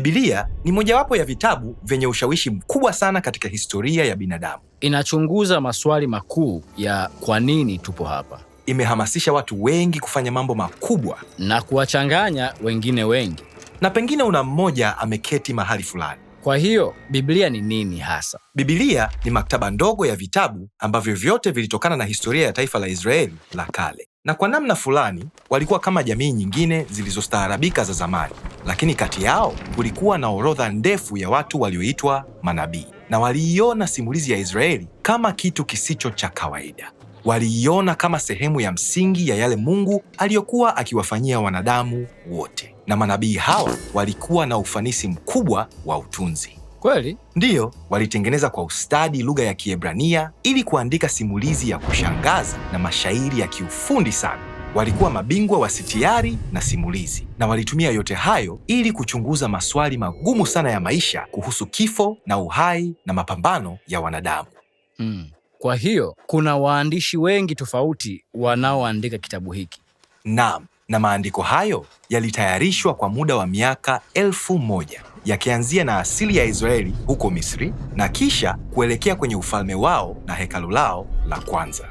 Biblia ni mojawapo ya vitabu vyenye ushawishi mkubwa sana katika historia ya binadamu. Inachunguza maswali makuu ya kwa nini tupo hapa. Imehamasisha watu wengi kufanya mambo makubwa na kuwachanganya wengine wengi, na pengine una mmoja ameketi mahali fulani. Kwa hiyo Biblia ni nini hasa? Biblia ni maktaba ndogo ya vitabu ambavyo vyote vilitokana na historia ya taifa la Israeli la kale na kwa namna fulani walikuwa kama jamii nyingine zilizostaarabika za zamani, lakini kati yao kulikuwa na orodha ndefu ya watu walioitwa manabii, na waliiona simulizi ya Israeli kama kitu kisicho cha kawaida. Waliiona kama sehemu ya msingi ya yale Mungu aliyokuwa akiwafanyia wanadamu wote, na manabii hawa walikuwa na ufanisi mkubwa wa utunzi. Kweli? Ndiyo, walitengeneza kwa ustadi lugha ya Kiebrania ili kuandika simulizi ya kushangaza na mashairi ya kiufundi sana. Walikuwa mabingwa wa sitiari na simulizi, na walitumia yote hayo ili kuchunguza maswali magumu sana ya maisha kuhusu kifo na uhai na mapambano ya wanadamu. Mm. Kwa hiyo kuna waandishi wengi tofauti wanaoandika kitabu hiki. Naam, na maandiko hayo yalitayarishwa kwa muda wa miaka elfu moja yakianzia na asili ya Israeli huko Misri na kisha kuelekea kwenye ufalme wao na hekalu lao la kwanza.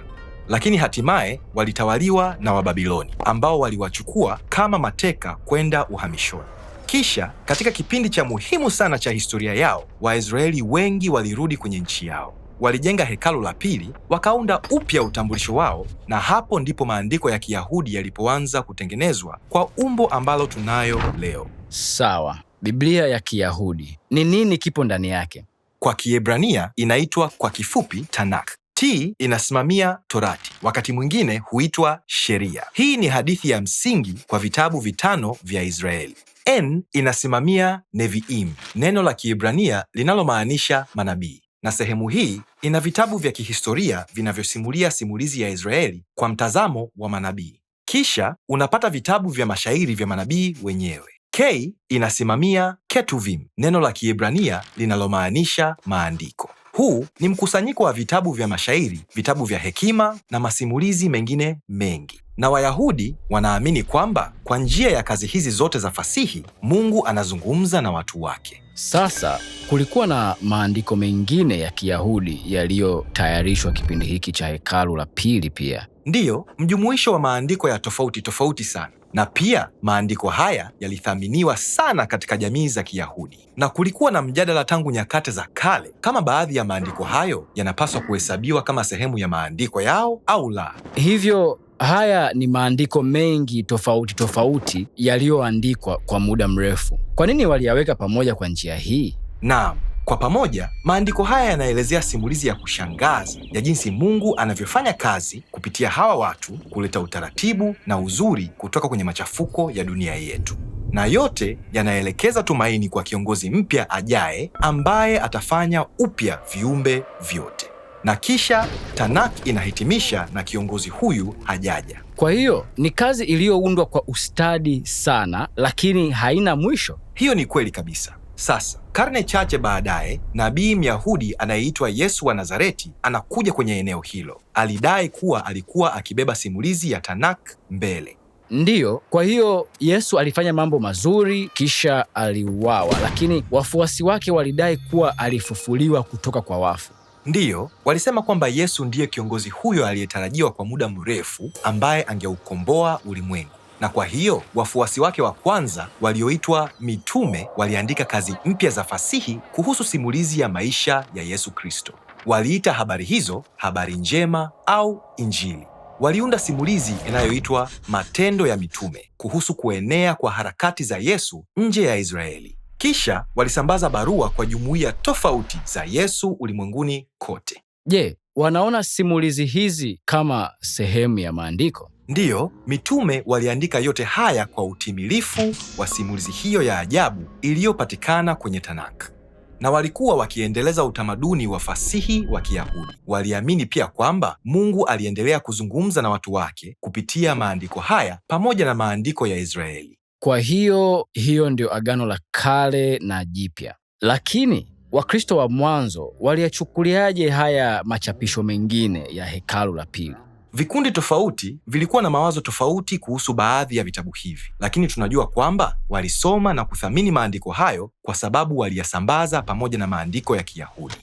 Lakini hatimaye walitawaliwa na Wababiloni ambao waliwachukua kama mateka kwenda uhamishoni. Kisha katika kipindi cha muhimu sana cha historia yao, Waisraeli wengi walirudi kwenye nchi yao walijenga hekalu la pili, wakaunda upya utambulisho wao, na hapo ndipo maandiko ya Kiyahudi yalipoanza kutengenezwa kwa umbo ambalo tunayo leo. Sawa, Biblia ya Kiyahudi ni nini? Kipo ndani yake? Kwa Kiebrania inaitwa kwa kifupi Tanakh. T inasimamia Torati, wakati mwingine huitwa sheria. Hii ni hadithi ya msingi kwa vitabu vitano vya Israeli. N inasimamia Neviim, neno la Kiebrania linalomaanisha manabii na sehemu hii ina vitabu vya kihistoria vinavyosimulia simulizi ya Israeli kwa mtazamo wa manabii. Kisha unapata vitabu vya mashairi vya manabii wenyewe. K inasimamia Ketuvim, neno la Kiebrania linalomaanisha maandiko. Huu ni mkusanyiko wa vitabu vya mashairi, vitabu vya hekima na masimulizi mengine mengi. Na Wayahudi wanaamini kwamba kwa njia ya kazi hizi zote za fasihi, Mungu anazungumza na watu wake. Sasa kulikuwa na maandiko mengine ya Kiyahudi yaliyotayarishwa kipindi hiki cha hekalu la pili pia. Ndiyo, mjumuisho wa maandiko ya tofauti tofauti sana na pia maandiko haya yalithaminiwa sana katika jamii za Kiyahudi, na kulikuwa na mjadala tangu nyakati za kale kama baadhi ya maandiko hayo yanapaswa kuhesabiwa kama sehemu ya maandiko yao au la. Hivyo haya ni maandiko mengi tofauti tofauti yaliyoandikwa kwa muda mrefu. Kwa nini waliyaweka pamoja kwa njia hii? Naam. Kwa pamoja, maandiko haya yanaelezea simulizi ya kushangaza ya jinsi Mungu anavyofanya kazi kupitia hawa watu kuleta utaratibu na uzuri kutoka kwenye machafuko ya dunia yetu. Na yote yanaelekeza tumaini kwa kiongozi mpya ajaye ambaye atafanya upya viumbe vyote. Na kisha Tanakh inahitimisha na kiongozi huyu hajaja. Kwa hiyo ni kazi iliyoundwa kwa ustadi sana, lakini haina mwisho. Hiyo ni kweli kabisa. Sasa karne chache baadaye, nabii Myahudi anayeitwa Yesu wa Nazareti anakuja kwenye eneo hilo. Alidai kuwa alikuwa akibeba simulizi ya Tanak mbele Ndiyo, kwa hiyo Yesu alifanya mambo mazuri kisha aliuawa, lakini wafuasi wake walidai kuwa alifufuliwa kutoka kwa wafu. Ndiyo, walisema kwamba Yesu ndiye kiongozi huyo aliyetarajiwa kwa muda mrefu ambaye angeukomboa ulimwengu na kwa hiyo wafuasi wake wa kwanza walioitwa mitume waliandika kazi mpya za fasihi kuhusu simulizi ya maisha ya Yesu Kristo. Waliita habari hizo habari njema au Injili. Waliunda simulizi inayoitwa Matendo ya Mitume kuhusu kuenea kwa harakati za Yesu nje ya Israeli. Kisha walisambaza barua kwa jumuiya tofauti za Yesu ulimwenguni kote. Je, wanaona simulizi hizi kama sehemu ya maandiko. Ndiyo, mitume waliandika yote haya kwa utimilifu wa simulizi hiyo ya ajabu iliyopatikana kwenye Tanaka, na walikuwa wakiendeleza utamaduni wa fasihi wa Kiyahudi. Waliamini pia kwamba Mungu aliendelea kuzungumza na watu wake kupitia maandiko haya pamoja na maandiko ya Israeli. Kwa hiyo hiyo ndio Agano la Kale na Jipya, lakini Wakristo wa mwanzo waliyachukuliaje haya machapisho mengine ya hekalu la pili? Vikundi tofauti vilikuwa na mawazo tofauti kuhusu baadhi ya vitabu hivi, lakini tunajua kwamba walisoma na kuthamini maandiko hayo kwa sababu waliyasambaza pamoja na maandiko ya Kiyahudi.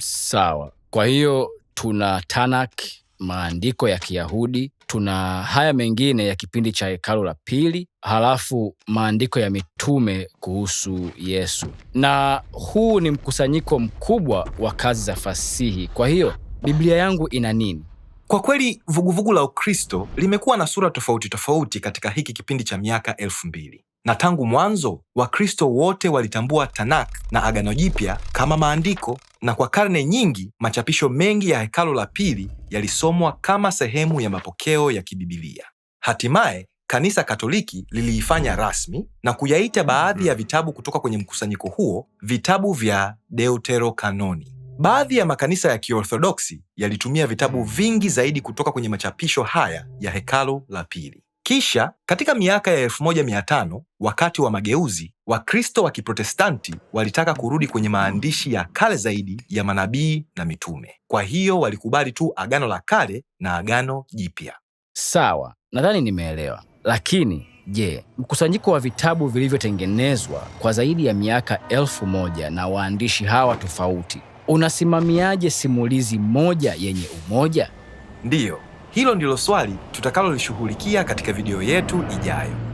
Sawa, kwa hiyo tuna Tanakh, maandiko ya Kiyahudi, tuna haya mengine ya kipindi cha hekalu la pili, halafu maandiko ya mitume kuhusu Yesu, na huu ni mkusanyiko mkubwa wa kazi za fasihi. Kwa hiyo Biblia yangu ina nini? Kwa kweli vuguvugu la Ukristo limekuwa na sura tofauti tofauti katika hiki kipindi cha miaka elfu mbili na tangu mwanzo Wakristo wote walitambua Tanak na Agano Jipya kama maandiko na kwa karne nyingi machapisho mengi ya Hekalu la Pili yalisomwa kama sehemu ya mapokeo ya kibibilia. Hatimaye Kanisa Katoliki liliifanya rasmi na kuyaita baadhi ya vitabu kutoka kwenye mkusanyiko huo vitabu vya Deuterokanoni. Baadhi ya makanisa ya Kiorthodoksi yalitumia vitabu vingi zaidi kutoka kwenye machapisho haya ya Hekalu la Pili. Kisha katika miaka ya 1500 wakati wa mageuzi, Wakristo wa Kiprotestanti walitaka kurudi kwenye maandishi ya kale zaidi ya manabii na mitume. Kwa hiyo walikubali tu Agano la Kale na Agano Jipya. Sawa, nadhani nimeelewa. Lakini je, mkusanyiko wa vitabu vilivyotengenezwa kwa zaidi ya miaka elfu moja na waandishi hawa tofauti unasimamiaje simulizi moja yenye umoja? Ndiyo. Hilo ndilo swali tutakalolishughulikia katika video yetu ijayo.